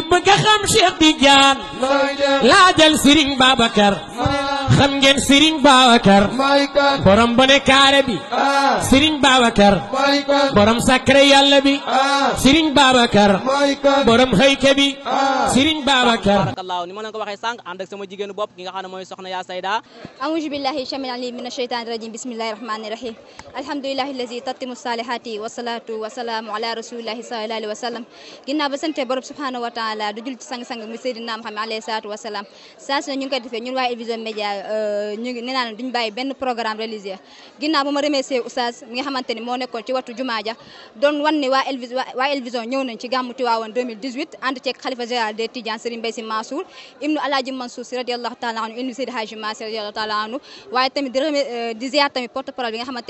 ci bëgg a xam Cheikh Tidiane laajal Serigne Babacar xam ngeen Serigne Babacar borom bone kaare bi Serigne Babacar borom sakre yàlla bi Serigne Babacar borom xëyke bi Serigne Babacar barakallahu ni ma leen ko waxee sànq ànd ak sama jigéenu bopp ki nga xam ne mooy soxna yaa sayda aouzu billahi shamil alim min ashaytani rajim bismillahi rahmani rahim alhamdulillahi allazi tatimu salihati wa salatu wa salamu ala rasulillahi sallallahu alayhi wa sallam ginnaaw ba sante borom subhanahu wa taala du jul ci sang-sang mi Seydina Muhammad alayhi salatu wa salam saa su ne ñu ngi koy defee ñun waa El Vision Médias Euh, ñu ngi nee naa benn programme religieux ginnaaw ba ma remercier oustaz mi nga xamante moo nekkoon ci wattu jumaa ja doon wan waa El waa ci gàmmu Tiwaawoon 2018 ànd ceeg xalifa général des Tidianes Serigne Mbaye Sy Mansour ibnu Alaaji Mansour Sy radiyallahu taala anhu ibnu Seydi Hadji Malick Sy radiyallahu taala anhu waaye tamit di euh, ziar tamit porte parole bi nga mel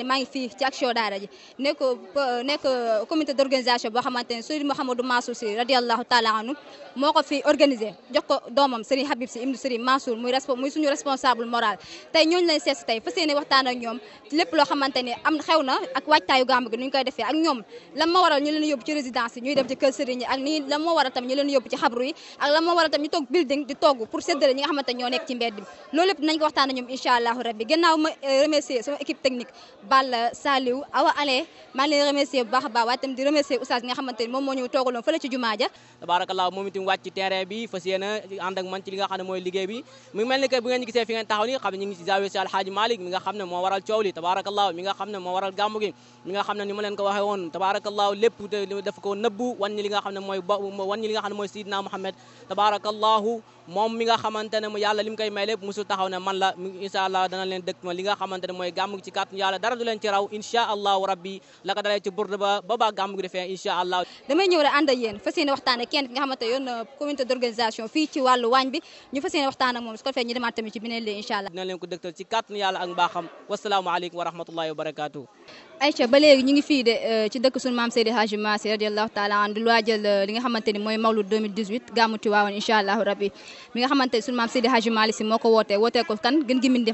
ni maa ngi ci action daara ji nekk euh, nekk boo xamante ni رضي الله تعالى عنه موقف في organize جوكو دومم سيري حبيب سي ابن سيري ماسور موي ريسبون موي سونو ريسبونسابل مورال تاي نيون لاي سيس تاي فاسيني وقتانا اك نيوم ليپ لو خامتاني ام خيونا اك واجتايو غامبا نوي كاي ديفي اك نيوم لاما وارال ني لين يوب سي ريزيدانس ني ديف سي كيل سيري اك ني لاما وارال تام ني لين يوب سي خابروي اك لاما وارال تام ني توك دي توغ بور سيدال نيغا خامتاني ньо نيك سي مبيد لوليپ نانغ وقتانا نيوم ان شاء الله ربي غيناو ما ريميسي سو ايكيب بال ساليو اوا الي مالي ريميسي باخ با دي ريميسي استاذ نيغا خامتاني موم مو نيو توغلون فلا سي جمعه Naaja tabaarakallaa moom itam wàcc ci terrain bi fas ànd ak man ci li nga xam ne mooy liggéey bi mu ngi mel ni que bu ngeen gisee fi ngeen taxaw ni xam ne ñu ngi ci zawiya si Alhaaji Malick mi nga xam ne moo waral coow li tabaarakallaa mi nga xam ne waral gàmmu gi mi nga xam ni ma leen ko waxee woon tabaarakallaa lépp daf ko nëbbu wan li nga xam ne mooy li nga xam ne Sidina Muhammad tabaarakallaahu moom mi nga xamante ne yàlla li koy may lépp taxaw ne man la incha allah dana leen dëkk ma li nga xamante ne mooy ci kàttan yàlla dara du leen ci raw incha allahu rabbi la ko dalee ci burd ba ba baa gàmmu gi allah damay ñëw rek ànd ak yéen fas yéene waxtaan ak kenn ki nga xamante fii ci wàllu waañ bi ñu fas yéene waxtaan ak moom su ko defee ñu tamit ci beneen leen incha allah dina leen ko dëgtal ci kàttanu yàlla ak wa euh, ci dëkk suñu maam euh, rabbi mi nga xamante ni suñu maam Seydi Hadji si moo ko wootee ko kan gën gi min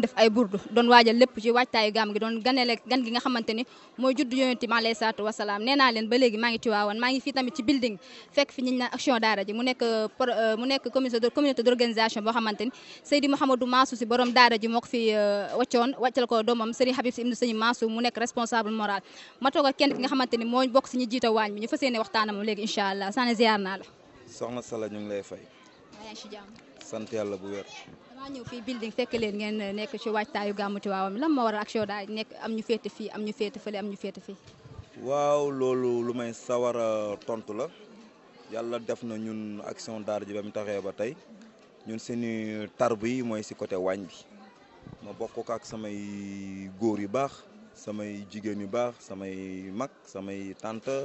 def ay burdu doon waajal lépp ci waajtaayu gàmm gi doon ganele gan gi nga xamante mooy judd juddu yonent bi alayhi salaatu wasalaam nee naa leen ba léegi maa ngi ci waawoon maa ngi fii tamit ci building fekk fi ñiñ naan action daara ji mu nekk communauté d'organisation boo xamante ni Seydi Mouhamadou Mansour si borom daara ji moo ko fi euh, waccoon wàccal ko doomam Serigne Habib si ibnu Serigne Mansour mu nekk responsable moral ma toog ak kenn ki nga xamante ni moo bokk si ñu jiite waañ bi ñu fas yéene waxtaanam léegi incha allah saana ziar naa la soxna Sala ñu ngi sant yàlla bu wér. damaa ñëw fii building fekk leen ngeen eh, nekk ci waajtaayu gàmmu Tiwaawan lan moo waral action daal nek am ñu féete fii am ñu féete fële am ñu féete fii. waaw loolu lu may sawar a tontu la yàlla def na ñun action daara ji ba mu taxee ba tey ñun seeni tarbu yi mooy si côté waañ bi ma bokk ko ak samay góor yu baax samay jigéen yu baax samay mag samay tante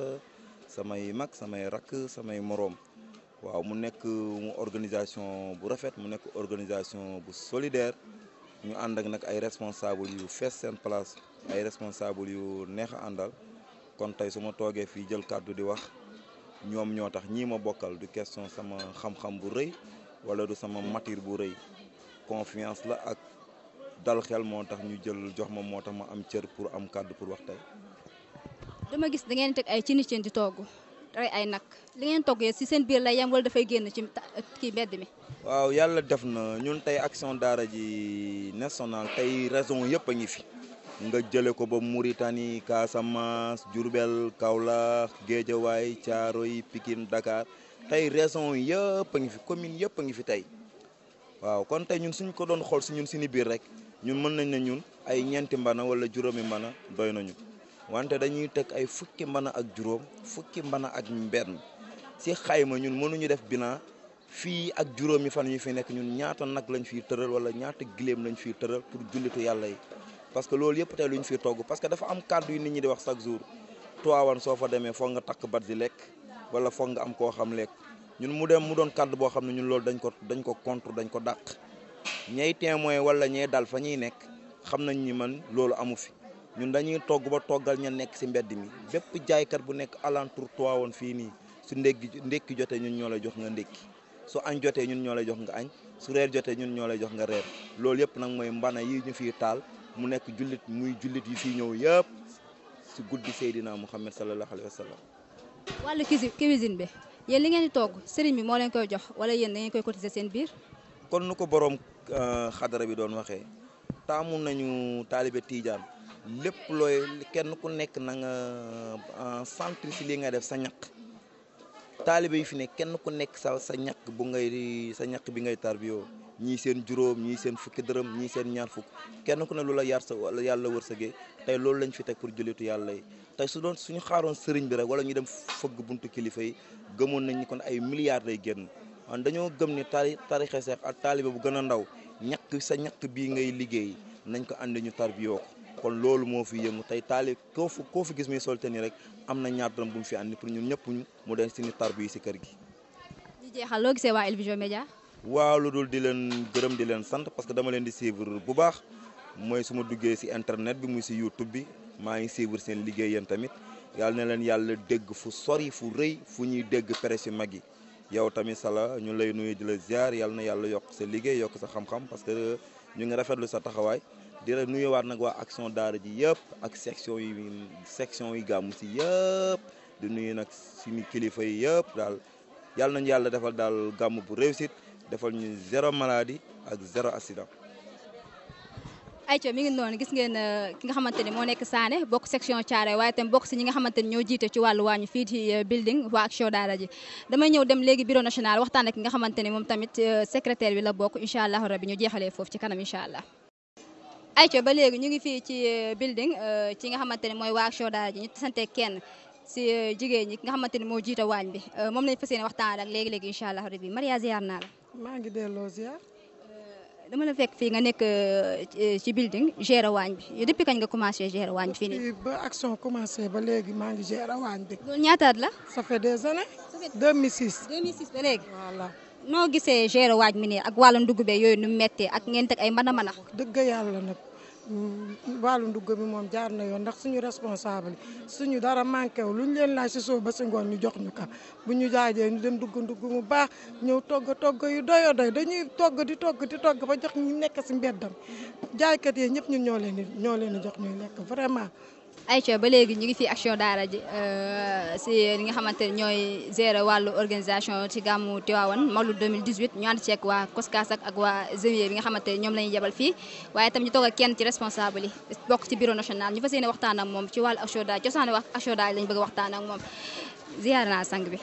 samay mag samay rakk samay moroom. waaw mu nekk organisation bu rafet mu nekk organisation bu solidaire ñu ànd ak nag ay responsable yu fees seen place ay responsable yu neex a àndal kon tey su ma toogee fii jël kàddu di wax ñoom ñoo tax ñii ma bokkal du question sama xam-xam bu rëy wala du sama matière bu rëy confiance la ak dal xel moo tax ñu jël jox ma moo tax ma am cër pour am kàddu pour wax tey. dama gis da teg ay cin cin di togg. rey ay nag li ngeen toggee si seen biir lay yam wala dafay génn ci kii mbedd mi. waaw yàlla def na ñun tey action daara ji national tey raison yëpp a ngi fi. nga jële ko ba Mauritanie Casamance Diourbel Kaolack Guédiawaye Thiaroye Pikine Dakar tey raison yëpp a ngi fi commune yëpp a ngi fi tey waaw kon tey ñun suñ ko doon xool si ñun suñu biir rek ñun mën nañ ne ñun ay ñeenti mbana wala juróomi mbana doy nañu. wante dañuy tek ay fukki mbana ak juróom fukki mbana ak benn si xayma ñun mënuñu def bilan ak fan fi nekk ñun ñaata nag lañ fiy filter, wala ñaata gileem lañ fiy tëral pour jullitu yàlla yi parce que loolu yëpp tey luñ fiy togg parce que dafa am kàddu yu nit ñi di wax chaque jour tuwaawan soo fa demee foog nga takk bat di lekk wala foog nga am koo xam lekk ñun mu dem mu doon ñun dañ ko dañ ko contre dañ ko ñay témoin wala ñay dal fa ñuy xam nañ ni man amu fi ñun dañuy togg ba toggal ña nekk si mbedd mi bépp jaaykat bu nekk alentour Tivaouane fii nii su ndékki ndékki jotee ñun ñoo lay jox nga ndékki su añ jotee ñun ñoo lay jox nga añ su reer jotee ñun ñoo lay jox nga reer loolu yëpp nag mooy mbana yi ñu fiy taal mu nekk jullit muy jullit yi fiy ñëw yëpp si guddi Seydina Muhammad sallallahu alayhi wa sallam. wàllu cuisine bi yéen li ngeen di togg sëriñ bi moo leen koy jox wala yéen da ngeen koy cotiser seen biir. kon nu ko borom euh, xadara bi doon waxee taamu nañu taalibe Tidiane. lépp looy kenn ku nekk na nga centre euh, si li nga def sa ñaq taalibe yi fi ne kenn ku nekk sa sa ñaq bu ngay sa ñaq bi ngay tarbiyoo ñii seen juróom ñii seen fukki dërëm ñii seen ñaar fukk kenn ku ne lu la yar sa yàlla wërsëgee tey loolu lañ fi teg pour jullitu yàlla yi tey su doon suñu xaaroon sëriñ bi rek wala ñu dem fëgg buntu kilifa yi gëmoon nañ ni kon ay milliards lay génn an dañoo gëm ne tari tarixe seex ak taalibe bu gën a ndaw ñaq sa ñaq bii ngay liggéey nañ ko ànd ñu tarbiyoo kon loolu moo fi yëngu tey taali koo fi koo fi gis muy solte ni rek am na ñaar dërëm bu mu fi andi pour ñun ñëpp ñu mu den suñu tarbu yi si kër gi. di jeexal loo gisee waa El Vision Médias. waaw lu dul di leen gërëm di leen sant parce que dama leen di suivre bu baax mooy su ma duggee si internet bi muy si YouTube bi maa ngi suivre seen liggéey yéen tamit yàlla na leen yàlla dégg fu sori fu rëy fu ñuy dégg presse yu mag yi yow tamit sala ñu lay nuyu di la ziar na yàlla yokk sa liggéey yokk sa xam parce que ñu rafetlu sa taxawaay. di la nuyuwaat nag waa action daara ji yëpp ak section yi section yi gàmm si yëpp di nuyu nag suñu kilifa yi yëpp daal yàlla nañu yàlla defal daal gàmm bu réussite defal ñu zéro maladie ak zéro accident. ayca mi ngi noonu gis ngeen euh, ki nga xamante ni nekk Sané bokk section Thiaroye waaye tam bokk si ñi nga xamante ni ñoo jiite ci wàllu waañu fii ci euh, building waa action daara ji damay ñëw dem léegi bureau national waxtaan ak ki nga xamante ni moom tamit euh, secrétaire bi la bokk incha allah rabi ñu jeexalee foofu ci kanam incha allah. ay ayca ba léegi ñu ngi fii ci euh, building euh, ci nga xamante ne mooy waa Action Daara ji ñu sante kenn si euh, jigéen ñi nga xamante ne moo jiite waañ bi moom lañ fas yéene waxtaan ak léegi-léegi incha allah rabbi Maria ziar naa la maa ngi delloo ziar dama la fekk fii nga nekk ci building géré waañ bi depuis kañ nga commencé géré waañ bi fii nii commencé ba léegi maa ngi géré waañ ñaataat la ça fait des années noo gisee gérer waaj mi nii ak wàllu ndugg be yooyu nu mettee ak ngeen teg ay mën a mën a dëgg yàlla nag wàllu ndugg bi moom jaar na yoon ndax suñu responsable suñu dara manqué wu lu ñu leen laaj si suuf ba si ngoon ñu jox ñu ka bu ñu jaajee ñu dem dugg ndugg mu baax ñëw togg togg yu doyo doy dañuy togg di togg di togg ba jox ñu nekk si mbeddam jaaykat yi ñëpp ñun ñoo leen ñoo leen jox ñuy nekk vraiment ay ayca ba léegi ñu ngi fi action daara ji euh, si li nga xamante ne ñooy gérer wàllu organisation ci gàmmu Tivaouane Mawlud 2018 ñu ànd ceeg waa COSCAS ak waa Zémier bi nga xamante ne ñoom la ñuy yebal fii waaye itam ñu toog kenn ci responsable yi bokk ci bureau national ñu fas yéene waxtaan ak moom ci wàllu action daara cosaanu wax action daara lañ bëgg a waxtaan ak moom ziar naa sang bi.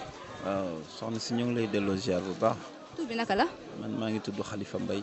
waaw soxna si ñu ngi lay delloo ziar bu baax. tur bi naka la. man maa ngi tudd Khalifa Mbaye.